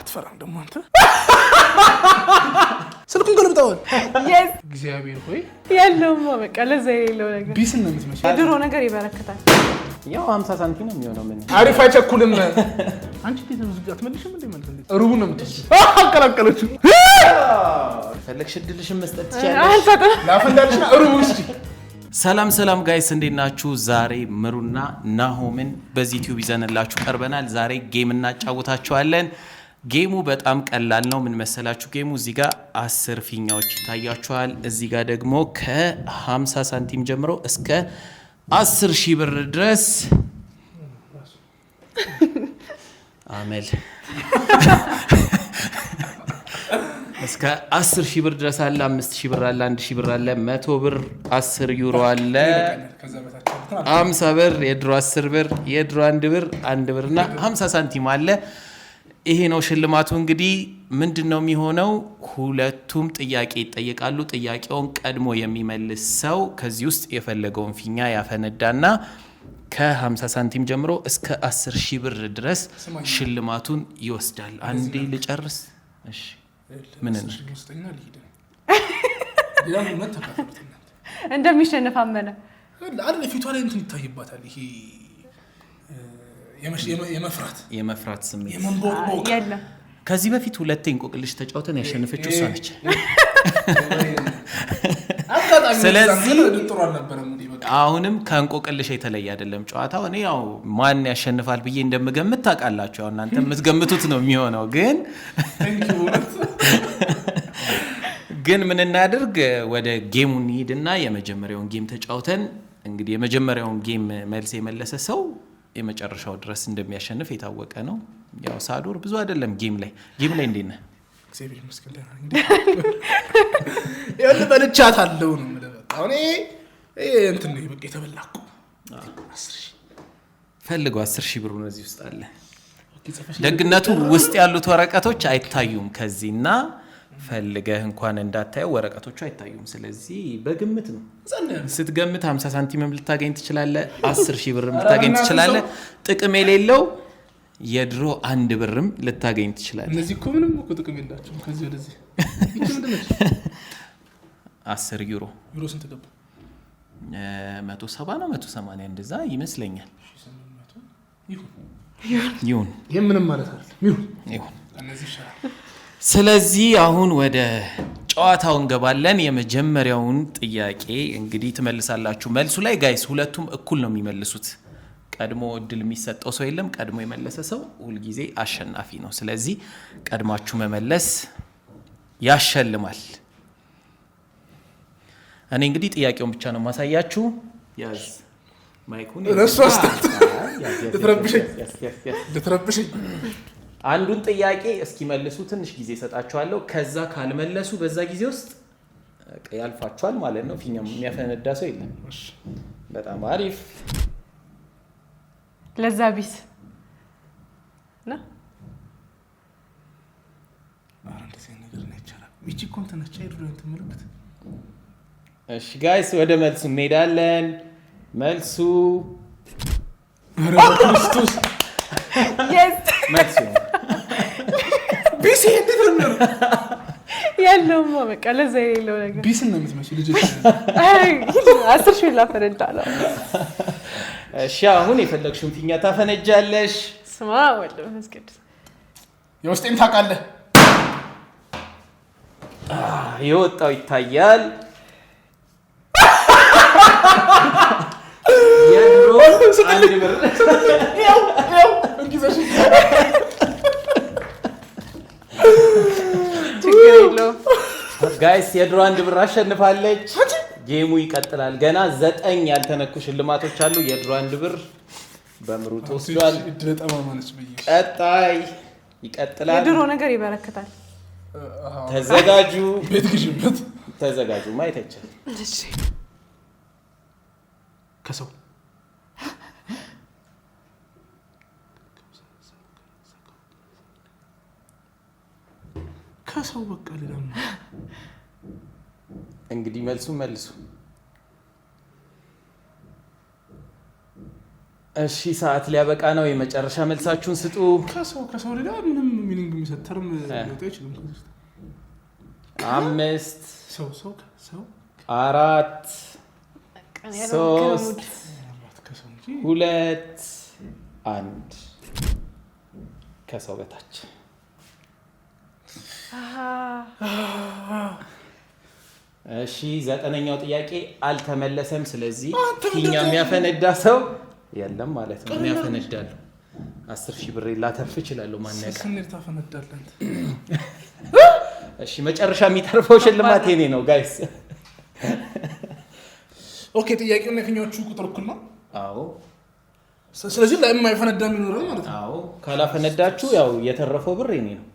አትፈራም ደግሞ አንተ? ስልኩን ገልብጠዋል። እግዚአብሔር ሆይ ያለውማ በቃ ለዛ የሌለው ነገር ቢስል ነው የምትመስለው። የድሮ ነገር ይበረክታል። ያው ሀምሳ ሳንቲም ነው የሚሆነው። ምን አሪፍ አይቸኩልም። አንቺ ቤት ነው ዝግ አትመልሽም እንዴ? ማለት እንዴ ነው የምትወስጂው? አቀላቀለችው። ፈለግሽ እድልሽን መስጠት ትችያለሽ። ላፍ ሩቡ እስኪ ሰላም ሰላም ጋይስ እንዴት ናችሁ? ዛሬ ምሩና ናሆምን በዚህ ዩቲዩብ ይዘንላችሁ ቀርበናል። ዛሬ ጌም እናጫውታችኋለን። ጌሙ በጣም ቀላል ነው። ምን መሰላችሁ? ጌሙ እዚህ ጋር አስር ፊኛዎች ይታያችኋል። እዚህ ጋር ደግሞ ከ50 ሳንቲም ጀምሮ እስከ አስር ሺህ ብር ድረስ አመል እስከ አስር ሺህ ብር ድረስ አለ። አምስት ሺህ ብር አለ። አንድ ሺህ ብር አለ። መቶ ብር፣ አስር ዩሮ አለ። አምሳ ብር፣ የድሮ አስር ብር፣ የድሮ አንድ ብር፣ አንድ ብር እና ሀምሳ ሳንቲም አለ። ይሄ ነው ሽልማቱ። እንግዲህ ምንድን ነው የሚሆነው? ሁለቱም ጥያቄ ይጠየቃሉ። ጥያቄውን ቀድሞ የሚመልስ ሰው ከዚህ ውስጥ የፈለገውን ፊኛ ያፈነዳና ከ50 ሳንቲም ጀምሮ እስከ 10 ሺህ ብር ድረስ ሽልማቱን ይወስዳል። አንዴ ልጨርስ። ምን እንደሚሸንፍ አመነ። ፊቷ ላይ እንትን ይታይባታል ይሄ የመፍራት የመፍራት ስሜት የመንቦቅቦቅ ከዚህ በፊት ሁለቴ እንቆቅልሽ ተጫውተን ያሸነፈችው እሷ ነች። ስለዚህ አሁንም ከእንቆቅልሽ የተለየ አይደለም ጨዋታው። እኔ ያው ማን ያሸንፋል ብዬ እንደምገምት ታውቃላችሁ። ያው እናንተ የምትገምቱት ነው የሚሆነው። ግን ግን ምን እናድርግ፣ ወደ ጌሙ እንሂድና የመጀመሪያውን ጌም ተጫውተን እንግዲህ የመጀመሪያውን ጌም መልስ የመለሰ ሰው የመጨረሻው ድረስ እንደሚያሸንፍ የታወቀ ነው። ያው ሳዶር ብዙ አይደለም ጌም ላይ ጌም ላይ እንዴት ነህ? በልቻት አለው ነው ፈልገው አስር ሺህ ብሩ እዚህ ውስጥ አለ። ደግነቱ ውስጥ ያሉት ወረቀቶች አይታዩም ከዚህ እና ፈልገህ እንኳን እንዳታየው ወረቀቶቹ አይታዩም። ስለዚህ በግምት ነው ስትገምት፣ 50 ሳንቲምም ልታገኝ ትችላለህ፣ 10 ሺህ ብርም ልታገኝ ትችላለህ። ጥቅም የሌለው የድሮ አንድ ብርም ልታገኝ ትችላለህ። እነዚህ እኮ ምንም እኮ ጥቅም የላቸውም። ከዚህ ወደዚህ አስር ዩሮ ዩሮ ስንት ገባ? መቶ ሰባ ነው መቶ ሰማንያ እንደዛ ይመስለኛል። ይሁን ይሁን፣ ይህ ምንም ማለት አይደለም። ይሁን ይሁን ስለዚህ አሁን ወደ ጨዋታው እንገባለን። የመጀመሪያውን ጥያቄ እንግዲህ ትመልሳላችሁ። መልሱ ላይ ጋይስ ሁለቱም እኩል ነው የሚመልሱት። ቀድሞ እድል የሚሰጠው ሰው የለም። ቀድሞ የመለሰ ሰው ሁልጊዜ አሸናፊ ነው። ስለዚህ ቀድማችሁ መመለስ ያሸልማል። እኔ እንግዲህ ጥያቄውን ብቻ ነው ማሳያችሁ። ልትረብሽኝ አንዱን ጥያቄ እስኪመልሱ ትንሽ ጊዜ እሰጣችኋለሁ። ከዛ ካልመለሱ በዛ ጊዜ ውስጥ ያልፋችኋል ማለት ነው። ፊኛ የሚያፈነዳ ሰው የለም። በጣም አሪፍ። ለዛ ቢስ እሺ ጋይስ ወደ መልሱ እንሄዳለን። መልሱ መልሱ ቢስ እንዴት ነው ያለው? በቃ ለዛ የሌለው ነገር ቢስ ነው የምትመስለው ልጅ። አስር ሺህ ላፈነዳ ነው። እሺ አሁን የፈለግሽውን ፊኛ ታፈነጃለሽ። ስማ ወልድ መንፈስ ቅዱስ የውስጤን ታውቃለህ። የወጣው ይታያል። ችግር የለውም ጋይስ። የድሮ አንድ ብር አሸንፋለች። ጌሙ ይቀጥላል። ገና ዘጠኝ ያልተነኩ ሽልማቶች አሉ። የድሮ አንድ ብር በምሩጥ ወስዷል። ቀጣይ ይቀጥላል። የድሮ ነገር ይበረክታል። ተዘጋጁ፣ ተዘጋጁ። ማየት አይቻልም ከሰው ከሰው በቃ ልዳም እንግዲህ መልሱ መልሱ። እሺ ሰዓት ሊያበቃ ነው። የመጨረሻ መልሳችሁን ስጡ። ከሰው ከሰው ሌላ ምንም ሚኒንግ የሚሰጥ ተርም ሊወጣ አይችልም። አምስት ሰው ሰው ሰው አራት ሶስት ሁለት አንድ ከሰው በታች እሺ ዘጠነኛው ጥያቄ አልተመለሰም። ስለዚህ ፊኛ የሚያፈነዳ ሰው የለም ማለት ነው። የሚያፈነዳለሁ አስር ሺህ ብሬ ላተርፍ እችላለሁ። ማነቃ እሺ መጨረሻ የሚተርፈው ሽልማት የኔ ነው ጋይስ። ኦኬ ጥያቄውና የፊኛዎቹ ቁጥር እኩል ነው። አዎ ስለዚህ ለማይፈነዳ የሚኖረው ማለት ነው። አዎ ካላፈነዳችሁ ያው የተረፈው ብር የኔ ነው።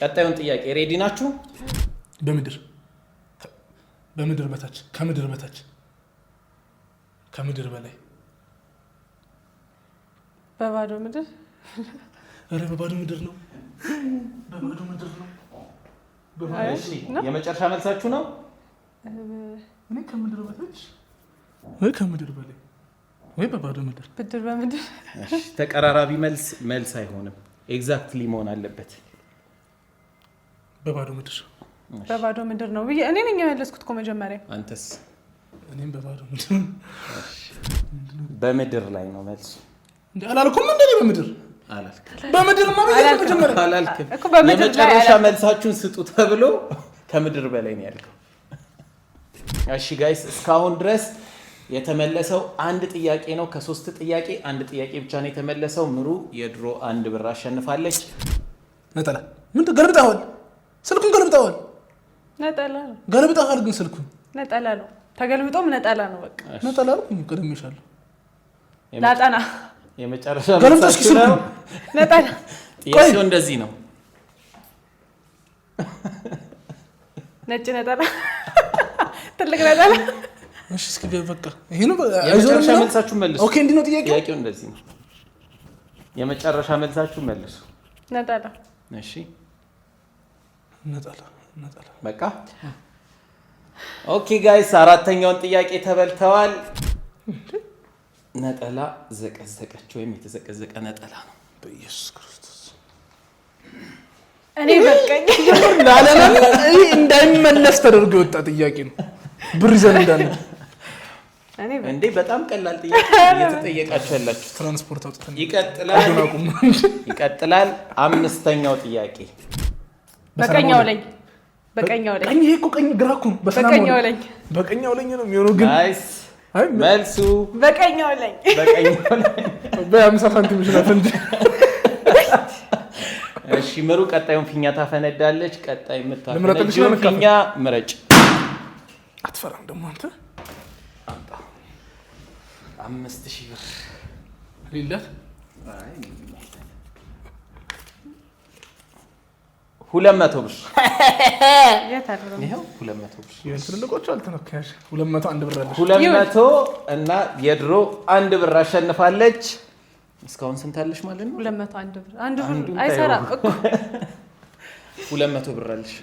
ቀጣዩን ጥያቄ ሬዲ ናችሁ? በምድር በምድር በታች ከምድር በታች ከምድር በላይ በባዶ ምድር። ኧረ በባዶ ምድር ነው፣ በባዶ ምድር ነው። የመጨረሻ መልሳችሁ ነው? እኔ ከምድር በታች ወይ ከምድር በላይ ወይ በባዶ ምድር፣ ብድር በምድር። ተቀራራቢ መልስ መልስ አይሆንም። ኤግዛክትሊ መሆን አለበት። በባዶ ምድር በባዶ ምድር ነው ብዬ እኔ ነኝ የመለስኩት እኮ መጀመሪያ። አንተስ? እኔም በባዶ ምድር። በምድር ላይ ነው መልሱ። አላልኩም እንደ በምድር በምድር የመጨረሻ መልሳችሁን ስጡ ተብሎ ከምድር በላይ ነው ያልከው። እሺ ጋይስ እስካሁን ድረስ የተመለሰው አንድ ጥያቄ ነው ከሶስት ጥያቄ አንድ ጥያቄ ብቻ ነው የተመለሰው። ምሩ የድሮ አንድ ብር አሸንፋለች። ነጠላ ምን ስልኩን ገልብጠዋል። ነጠላ ነው ገልብጠዋል። ግን ስልኩን ነጠላ ነው ተገልብጦም ነጠላ ነው። በቃ ነጠላ ነው። ቀደም ይሻለሁ ላጠና የመጨረሻ ገልብጦ እስኪ ነጠላ ጥያቄው እንደዚህ ነው። ነጭ ነጠላ፣ ትልቅ ነጠላ። እሺ እስኪ በቃ ይሄ ነው። የመጨረሻ መልሳችሁ መልሱ። ኦኬ እንዲህ ነው ጥያቄው። ጥያቄው እንደዚህ ነው። የመጨረሻ መልሳችሁ መልሱ። ነጠላ። እሺ በቃ ኦኬ ጋይስ፣ አራተኛውን ጥያቄ ተበልተዋል። ነጠላ ዘቀዘቀች ወይም የተዘቀዘቀ ነጠላ ነው። በኢየሱስ ክርስቶስ እኔ እንዳይመለስ ተደርጎ የወጣ ጥያቄ ነው። ብር ይዘን እንዳለ እንዴ! በጣም ቀላል ጥያቄ እየተጠየቃችሁ ያላችሁ። ትራንስፖርት አውጥተን ይቀጥላል። አምስተኛው ጥያቄ በቀኛው ላይ በቀኛው ላይ ቀኝ እኮ ቀኝ ግራ እኮ በቀኛው ላይ በቀኛው ላይ ነው የሚሆነው። ግን መልሱ በቀኛው ላይ በአምሳ ሳንቲም ይችላል እንጂ። እሺ ምሩ ቀጣዩን ፊኛ ታፈነዳለች። ቀጣይ የምታፈነጂውን ፊኛ ምረጭ። አትፈራም ደግሞ አንተ። አምስት ሺህ ብር ሌላት ሁለት መቶ ብር ሁለት መቶ እና የድሮ አንድ ብር አሸንፋለች። እስካሁን ስንት አለሽ ማለት ነው? ሁለት መቶ ብር አለሽ።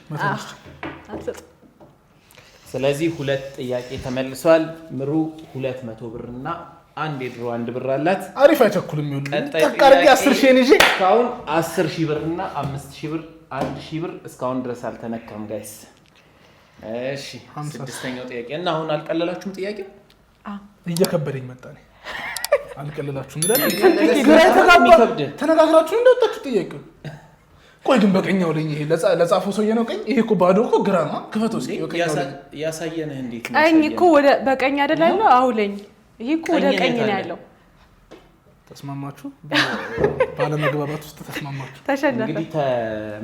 ስለዚህ ሁለት ጥያቄ ተመልሷል። ምሩ ሁለት መቶ ብር እና አንድ የድሮ አንድ ብር አላት። አሪፍ አይቸኩልም። ይሁን ቀጣይ ጥያቄ አስር ሺህ ብር እና አምስት ሺህ ብር አንድ ሺህ ብር እስካሁን ድረስ አልተነካም ጋይስ። እሺ ስድስተኛው ጥያቄ እና አሁን አልቀለላችሁም? ጥያቄው እየከበደኝ መጣ። አልቀለላችሁም? ተነጋግራችሁ እንደወጣችሁ ጥያቄው ቆይ ግን በቀኛው ላይ ይሄ ለጻፈው ሰውዬ ነው። ቀኝ ይሄ እኮ ባዶ እኮ ግራ ነው። ክፈት እስኪ ያሳየንህ። እንዴት ቀኝ እኮ ወደ በቀኝ አይደል ያለው? አውለኝ ይሄ እኮ ወደ ቀኝ ነው ያለው ተስማማችሁ? ባለመግባባት ውስጥ ተስማማችሁ። እንግዲህ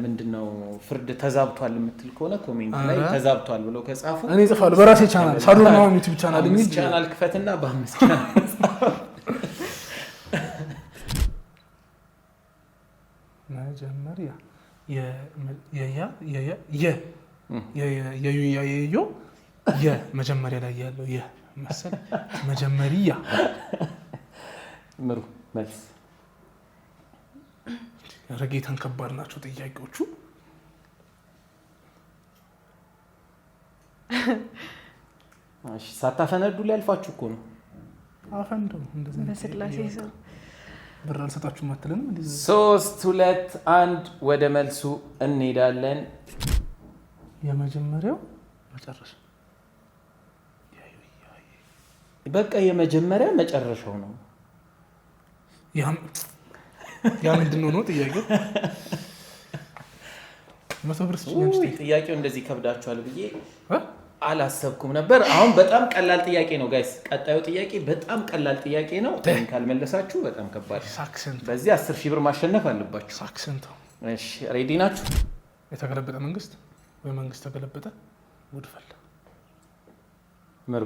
ምንድን ነው ፍርድ ተዛብቷል የምትል ከሆነ ኮሜንት ላይ ተዛብቷል ብለው ከጻፉ እኔ እጽፋለሁ በራሴ ቻናል ሳዶና ዩቲብ ቻናል የሚል ቻናል ክፈትና በአምስት ቻናል መጀመሪያ የዩያየዮ የመጀመሪያ ላይ ያለው የመሰለህ መጀመሪያ ምሩ መልስ ረጌታን ከባድ ናቸው ጥያቄዎቹ። ሳታፈነዱ ሊያልፋችሁ እኮ ነው። አፈንደው ብር ሶስት ሁለት አንድ፣ ወደ መልሱ እንሄዳለን። የመጀመሪያው መጨረሻ በቃ የመጀመሪያ መጨረሻው ነው። ያ ምንድን ነው ጥያቄው? ጥያቄው እንደዚህ ከብዳችኋል ብዬ አላሰብኩም ነበር። አሁን በጣም ቀላል ጥያቄ ነው ጋይስ። ቀጣዩ ጥያቄ በጣም ቀላል ጥያቄ ነው። ካልመለሳችሁ በጣም ከባድ። በዚህ አስር ሺህ ብር ማሸነፍ አለባችሁ። ሬዲ ናችሁ? የተገለበጠ መንግስት ወይ መንግስት ተገለበጠ ጉድፈል ምሩ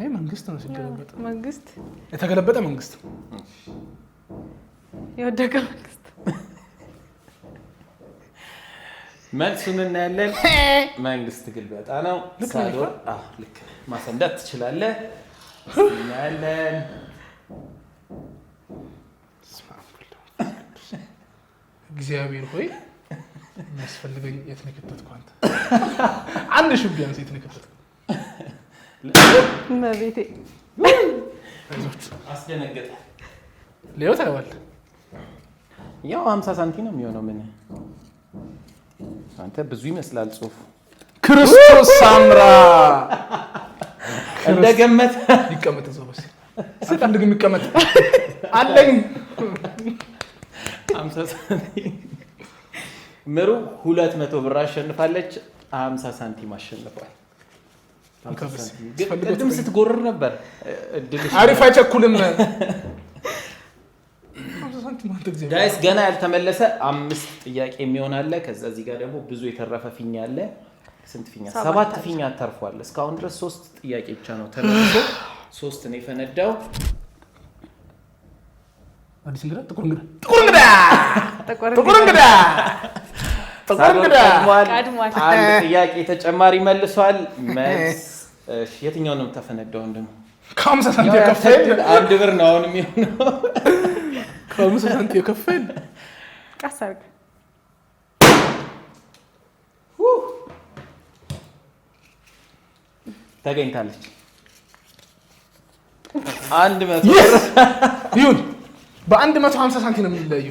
ይህ መንግስት ነው ሲገለበጥ፣ መንግስት የተገለበጠ መንግስት፣ የወደቀ መንግስት። እናያለን። መንግስት ግልበጣ ነው። ልክ ማሰንዳት ትችላለህ። እናያለን። እግዚአብሔር ሆይ የሚያስፈልገኝ የት ነው አንድ ሹቢያንስ መቤቴ አስደነገጠ። ሌላው ታይዋል። ያው ሀምሳ ሳንቲም ነው የሚሆነው። ምን አንተ ብዙ ይመስላል ጽሁፉ። ክርስቶስ ሳምራ እንደገመት ይቀመጥ አንድ ግን የሚቀመጥ አለኝ። ምሩ ሁለት መቶ ብር አሸንፋለች። ሀምሳ ሳንቲም አሸንፏል። ቅድም ስትጎርር ነበር። አሪፍ አይቸኩልም። ጋይስ ገና ያልተመለሰ አምስት ጥያቄ የሚሆን አለ። ከዛ እዚህ ጋር ደግሞ ብዙ የተረፈ ፊኛ አለ። ስንት ፊኛ? ሰባት ፊኛ ተርፏል። እስካሁን ድረስ ሶስት ጥያቄ ብቻ ነው ተመልሶ ሶስት ነው የፈነዳው። አዲስ እንግዳ ጥቁር እንግዳ ጥቁር እንግዳ አንድ ጥያቄ ተጨማሪ መልሷል። መልስ የትኛው ነው ሳንቲም የከፈል አንድ ብር ነው አሁን የሚሆነው። ሳንቲም የከፈል ተገኝታለች። አንድ መቶ ይሁን። በአንድ መቶ ሳንቲም ነው የምንለዩ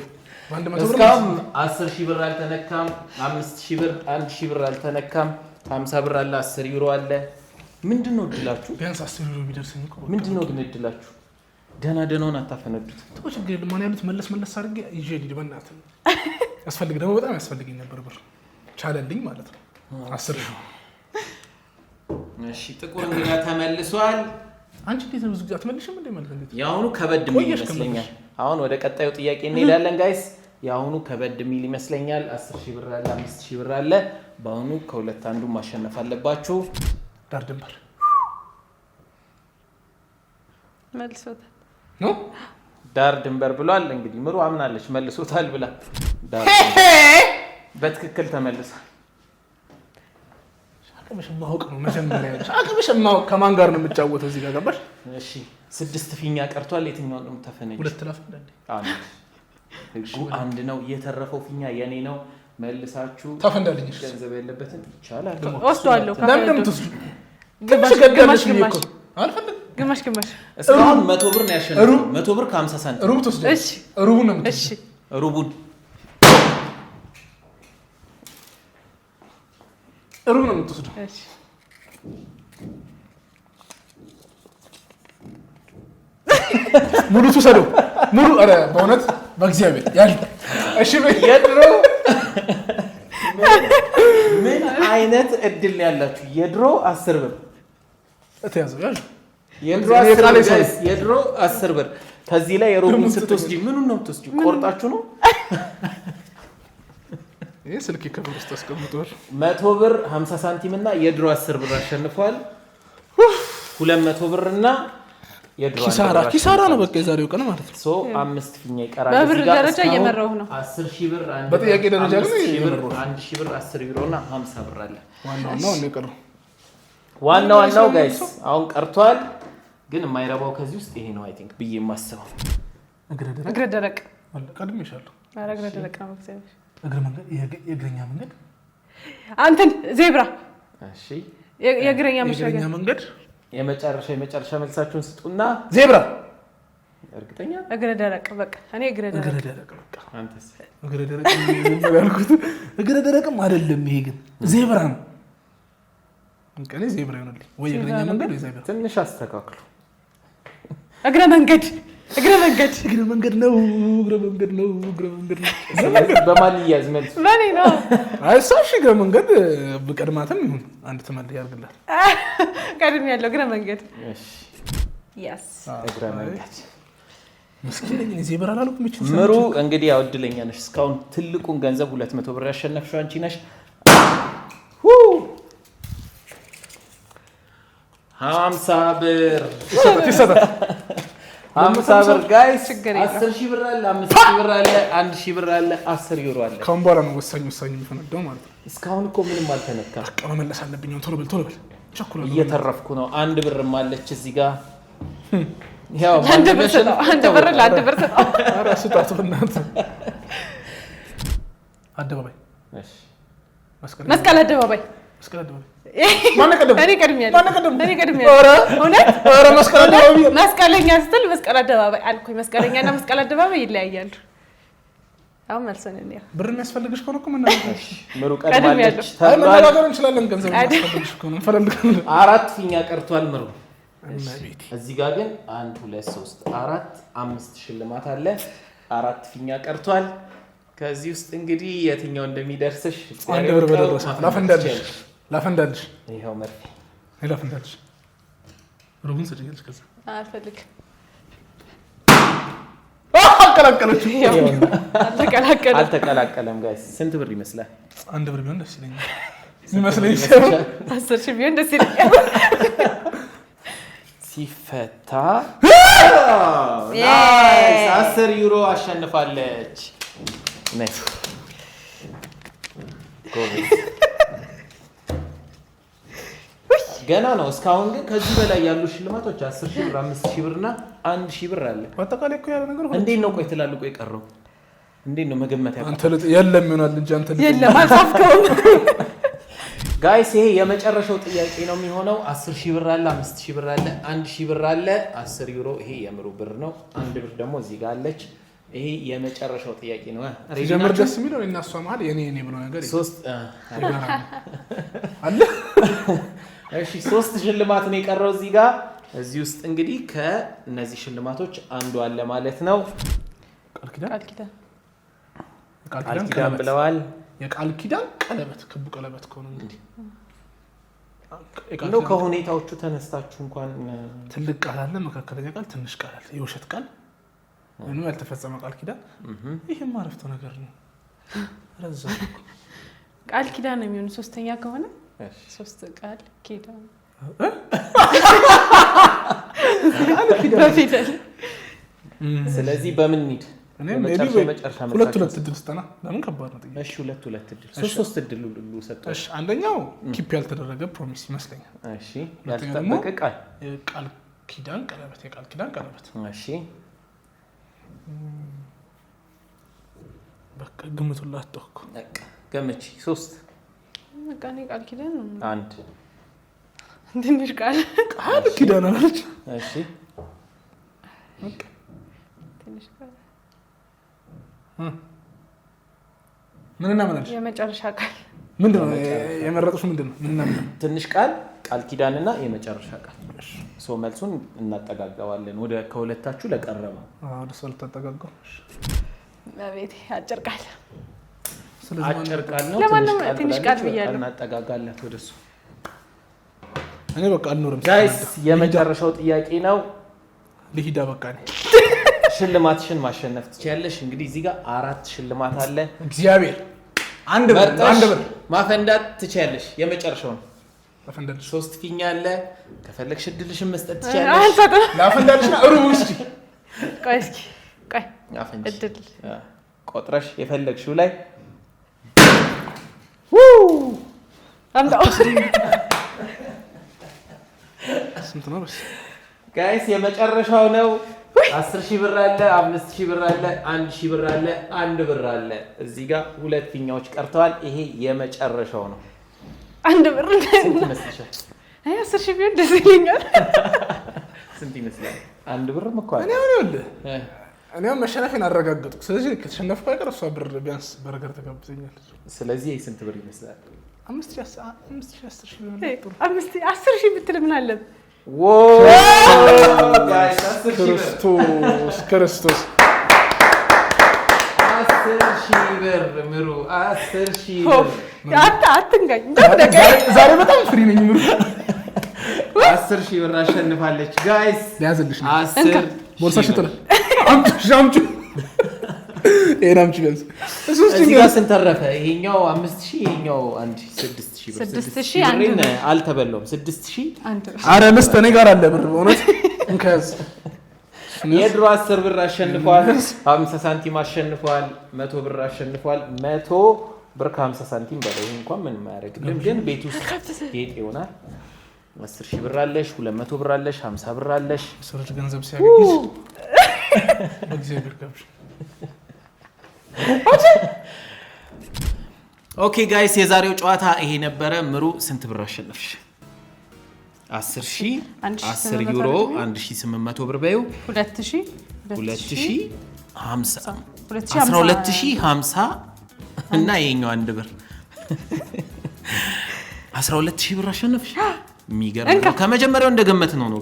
እስካሁን አስር ሺህ ብር አልተነካም። አምስት ሺህ ብር፣ አንድ ሺህ ብር አልተነካም። ሀምሳ ብር አለ፣ አስር ዩሮ አለ። ምንድን ነው እድላችሁ? ቢያንስ አስር ዩሮ ቢደርሰኝ ምንድን ነው ግን እድላችሁ? ደህና ደህናውን አታፈነዱት። ጥሩ ችግር የለም። ማን ያሉት መለስ መለስ አድርጌ ይዤ ልሂድ። በእናትህ ያስፈልግ ደግሞ በጣም ያስፈልገኝ ነበር ብር ቻለልኝ ማለት ነው። አስር እሺ። ጥቁር እንግዳ ተመልሷል። አንቺ እንዴት ነው ብዙ ጊዜ አትመልሽም? እንደ ማለት ነው። የአሁኑ ከበድ ይመስለኛል። አሁን ወደ ቀጣዩ ጥያቄ እንሄዳለን ጋይስ የአሁኑ ከበድ የሚል ይመስለኛል። 10 ሺህ ብር አለ፣ 5 ሺህ ብር አለ። በአሁኑ ከሁለት አንዱ ማሸነፍ አለባችሁ። ዳር ድንበር መልሶታል ነው ዳር ድንበር ብሏል። እንግዲህ ምሩ አምናለች መልሶታል ብላ በትክክል ተመልሳል። አቅምሽ ማወቅ ነው መጀመሪያ። አቅምሽ ማወቅ ከማን ጋር ነው የምጫወተው? እዚህ ጋር ገባሽ? እሺ ስድስት ፊኛ ቀርቷል። የትኛው ነው ተፈነጅ? ሁለት አንድ ነው የተረፈው፣ ፊኛ የኔ ነው መልሳችሁ ተፈንዳልኝ ገንዘብ ያለበትን ይቻላል። ግማሽ ግማሽ እስካሁን መቶ ብር ነው መቶ ብር ከሀምሳ ሳንቲም ሩብ ሩቡን ነው ሩቡን ሩብ ነው የምትወስደው። ሙሉ ትውሰደው ሙሉ። ኧረ በእውነት በእግዚአብሔር ያል እሺ። የድሮ ምን አይነት እድል ነው ያላችሁ? የድሮ አስር ብር የድሮ አስር ብር ከዚህ ላይ የሮቡን ስትወስጂ ምኑን ነው ትወስጂ? ቆርጣችሁ ነው ይህ ስልክ ከብር ውስጥ አስቀምጧል። መቶ ብር 50 ሳንቲም እና የድሮ አስር ብር አሸንፏል። ሁለት መቶ ብር እና ኪሳራ ኪሳራ ነው። በቃ የዛሬው ቀን ማለት ነው። አምስት ፊኛ ይቀራል። በብር ደረጃ እየመራሁ ነው። አስር ሺህ ብር በጥያቄ ደረጃ አንድ ሺህ ብር አስር ቢሮ እና ሀምሳ ብር አለ። ዋና ዋናው ጋይስ አሁን ቀርቷል። ግን የማይረባው ከዚህ ውስጥ ይሄ ነው አይ ቲንክ ብዬ የማስበው እግረ ደረቅ ቀድሜሻለሁ። እግረ ደረቅ ነው። የእግረኛ መንገድ አንተን ዜብራ የእግረኛ መንገድ የመጨረሻ የመጨረሻ መልሳችሁን ስጡና ዜብራ እርግጠኛ እግረ ደረቅ በቃ እኔ እግረ ደረቅ እግረ ደረቅ ያልኩት እግረ ደረቅም አይደለም። ይሄ ግን ዜብራ ነው። ዜብራ ይሆናል ወይ እግረኛ መንገድ ወይ ዜብራ። ትንሽ አስተካክሉ። እግረ መንገድ እግረ መንገድ እግረ መንገድ ነው። እግረ መንገድ ነው። እግረ መንገድ ነው። በማን ይያዝ መልስ በኔ ነው። አይ እሷ እግረ መንገድ ብቀድማትም ይሁን አንድ ትመል ያርግላል። ቀድም ያለው እግረ መንገድ እግረ መንገድ ምስኪን ዜብር አላልኩም። ምሩ እንግዲህ ያው እድለኛ ነሽ። እስካሁን ትልቁን ገንዘብ ሁለት መቶ ብር ያሸነፍሽው አንቺ ነሽ። ሀምሳ ብር ይሰጣል አምሳ ብር ጋይስ፣ አስር ሺህ ብር አለ፣ አምስት ሺህ ብር አለ፣ አንድ ሺህ ብር አለ፣ አስር ዩሮ አለ። ከአሁን በኋላ ነው ወሳኝ ወሳኝ የሚፈነዳው ማለት ነው። እስካሁን እኮ ምንም አልተነካም። በቃ መመለስ አለብኝ። ቶሎ በል ቶሎ በል፣ እየተረፍኩ ነው። አንድ ብርም አለች እዚህ ጋር አንድ ብር አንድ ብር ለአንድ ብር ኧረ ስጣት በእናትህ። አደባባይ መስቀል አደባባይ መስቀል አደባባይ መስቀለኛ ስትል መስቀል አደባባይ አልኩኝ። መስቀለኛ እና መስቀል አደባባይ ይለያያሉ። አሁን መልሰን እንያ ብር የሚያስፈልግሽ ከሆነ መነጋገር እንችላለን። ገንዘብ የሚያስፈልግሽ ከሆነ እንፈልጋለን። አራት ፊኛ ቀርቷል። ምሩ እዚህ ጋር ግን አንድ ሁለት ሶስት አራት አምስት ሽልማት አለ። አራት ፊኛ ቀርቷል። ከዚህ ውስጥ እንግዲህ የትኛው እንደሚደርስሽ አንድ ብር በደረሰ ላፈንዳልሽ ይኸው መርፌ ላፈንዳልሽ። ሩቡን ስጭኛልሽ። ከዛ አልፈልግም። አልተቀላቀለም። ጋይ ስንት ብር ይመስላል? አንድ ብር ቢሆን ደስ ይለኛል። ይመስለኝ አስር ሺህ ቢሆን ደስ ይለኛል። ሲፈታ አስር ዩሮ አሸንፋለች። ገና ነው። እስካሁን ግን ከዚህ በላይ ያሉ ሽልማቶች አስር ሺህ ብር፣ አምስት ሺህ ብር እና አንድ ሺህ ብር አለ። አጠቃላይ እኮ ያለ ነገር እንዴት ነው? ቆይ ትላልቆ የቀረው እንዴት ነው መገመት ያለው? የለም ይሆናል እንጂ አንተ የለም አልጻፍከውም። ጋይስ ይሄ የመጨረሻው ጥያቄ ነው የሚሆነው። አስር ሺህ ብር አለ፣ አምስት ሺህ ብር አለ፣ አንድ ሺህ ብር አለ፣ አስር ዩሮ ይሄ የምሩ ብር ነው። አንድ ብር ደግሞ እዚህ ጋር አለች። ይሄ የመጨረሻው ጥያቄ ነው። ጀምር ደስ የሚለው እናሷ መሀል የኔ የኔ ብሎ ነገር ሶስት አለ እሺ ሶስት ሽልማት ነው የቀረው እዚህ ጋር። እዚህ ውስጥ እንግዲህ ከእነዚህ ሽልማቶች አንዱ አለ ማለት ነው። ቃል ብለዋል። የቃል ኪዳን ቀለበት፣ ክቡ ቀለበት ከሆነ እንግዲህ ከሁኔታዎቹ ተነስታችሁ እንኳን ትልቅ ቃል አለ፣ መካከለኛ ቃል፣ ትንሽ ቃል አለ፣ የውሸት ቃል ምንም ያልተፈጸመ ቃል ኪዳን። ይህም አረፍቶ ነገር ነው። ቃል ኪዳን የሚሆኑ ሶስተኛ ከሆነ ሶስት ቃል ኪዳን በፊደል ስለዚህ በምን ሂድ ሁለት ሁለት እድል ስጠና ለምን ከባድ ነው። ሁለት ሁለት እድል ሶስት ሶስት እድል ሁሉ አንደኛው ኪፕ ያልተደረገ ፕሮሚስ ይመስለኛል። እሺ ያልተጠበቀ ቃል ቃል ኪዳን ቀለበት የቃል ኪዳን ቀለበት። እሺ በቃ ግምቱን ገመች ሶስት በቃ እኔ ቃል ኪዳን አንድ ትንሽ ቃል ቃል ኪዳን አለች። እሺ ትንሽ ቃል ምን እና ምን አለች? የመጨረሻ ቃል ምንድን ነው የመረጡት? ምንድን ነው ምን እና ምን? ትንሽ ቃል ቃል ኪዳን እና የመጨረሻ ቃል ሰው መልሱን እናጠጋገባለን። ወደ ከሁለታችሁ ለቀረበ ወደ ሰው ልታጠጋገው ቤቴ አጭር ቃል አጭር ቃል ነው። ለማንኛውም ትንሽ ቃል ብያለሁ እናጠጋጋላት ወደ እሱ። እኔ በቃ አልኖርም። ጋይስ የመጨረሻው ጥያቄ ነው። ልሂዳ በቃ ሽልማትሽን ማሸነፍ ትችያለሽ። እንግዲህ እዚህ ጋር አራት ሽልማት አለ። እግዚአብሔር አንድ ብር ማፈንዳት ትችያለሽ። የመጨረሻው ነው። ሶስት ፊኛ አለ። ከፈለግሽ እድልሽን መስጠት ትችያለሽ። ላፈንዳልሽና ሩብ ውስጥ ቆይ እስኪ ቆይ ቆጥረሽ የፈለግሽው ላይ ጋይስ የመጨረሻው ነው። አስር ሺህ ብር አለ፣ አምስት ሺህ ብር አለ፣ አንድ ሺህ ብር አለ፣ አንድ ብር አለ። እዚህ ጋር ሁለት ፊኛዎች ቀርተዋል። ይሄ የመጨረሻው ነው። አንድ ብር አስር ሺህ ቢሆን ደስ ይለኛል። ስንት ይመስላል? አንድ ብር እኮ አለ እኔም መሸነፌን አረጋገጥኩ። ስለዚህ ከተሸነፍኩ አይቀር እሷ ብር ቢያንስ በርገር ተጋብዘኛለች። ስለዚህ ስንት ብር ይመስላል? አምስት ሺህ አስር ሺህ ብትል ምን አለብህ? ክርስቶስ ክርስቶስ ዛሬ በጣም ፍሪ ነኝ ምሩ። አስር ሺህ ብር አሸንፋለች ጋይስ። ያዘልሽ ቦርሳሽ ጥላ አምጪ ይሄን አምጪ ቢያንስ እዚህ ጋር ስንት ይሄኛው አምስት ሺህ ይሄኛው አንድ ስድስት ሺህ ስድስት ሺህ ብሬን አልተበላሁም። ስድስት ሺህ ኧረ ምስት እኔ ጋር አለ ብር በእውነት እንከያዝ የድሮ አስር ብር አሸንፏል። ሀምሳ ሳንቲም አሸንፏል። መቶ ብር አሸንፏል። መቶ ብር ከሀምሳ ሳንቲም በላይ እንኳን ምንም አያደርግልም፣ ግን ቤት ውስጥ ጌጥ ይሆናል። አስር ሺህ ብር አለሽ፣ ሁለት መቶ ብር አለሽ፣ ሀምሳ ብር አለሽ። ሰዎች ገንዘብ ሲያገኝ ኦኬ ጋይስ የዛሬው ጨዋታ ይሄ ነበረ። ምሩ ስንት ብር አሸነፍሽ? 10 ሺህ 10 ዩሮ 1800 ብር በይው 2050 እና የኛው አንድ ብር 12000 ብር አሸነፍሽ። የሚገርም ከመጀመሪያው እንደገመት ነው ነው።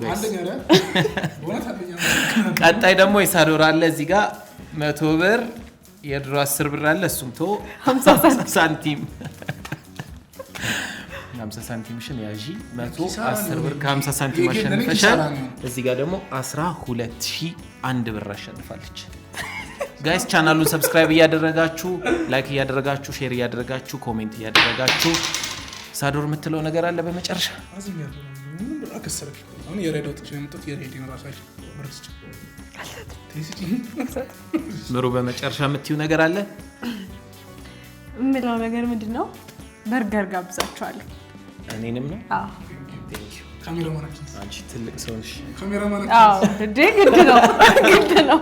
ቀጣይ ደግሞ የሳዶር አለ እዚህ ጋ መቶ ብር የድሮ አስር ብር አለ እሱም ቶ ሳንቲም ሀምሳ ሳንቲምሽን ያዢ መቶ አስር ብር ከሀምሳ ሳንቲም አሸንፈሻል። እዚህ ጋ ደግሞ አስራ ሁለት አንድ ብር አሸንፋለች። ጋይስ ቻናሉን ሰብስክራይብ እያደረጋችሁ ላይክ እያደረጋችሁ ሼር እያደረጋችሁ ኮሜንት እያደረጋችሁ ሳዶር የምትለው ነገር አለ። በመጨረሻ ምሩ፣ በመጨረሻ የምትዩ ነገር አለ። የምለው ነገር ምንድን ነው? በርገር ጋብዛቸዋል። እኔንም ነው ትልቅ ሰው ግድ ነው ግድ ነው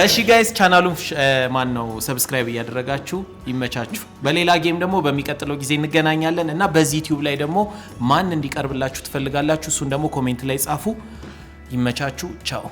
እሺ ጋይስ ቻናሉን ማን ነው ሰብስክራይብ እያደረጋችሁ ይመቻችሁ። በሌላ ጌም ደግሞ በሚቀጥለው ጊዜ እንገናኛለን እና በዚህ ዩቲዩብ ላይ ደግሞ ማን እንዲቀርብላችሁ ትፈልጋላችሁ? እሱን ደግሞ ኮሜንት ላይ ጻፉ። ይመቻችሁ። ቻው።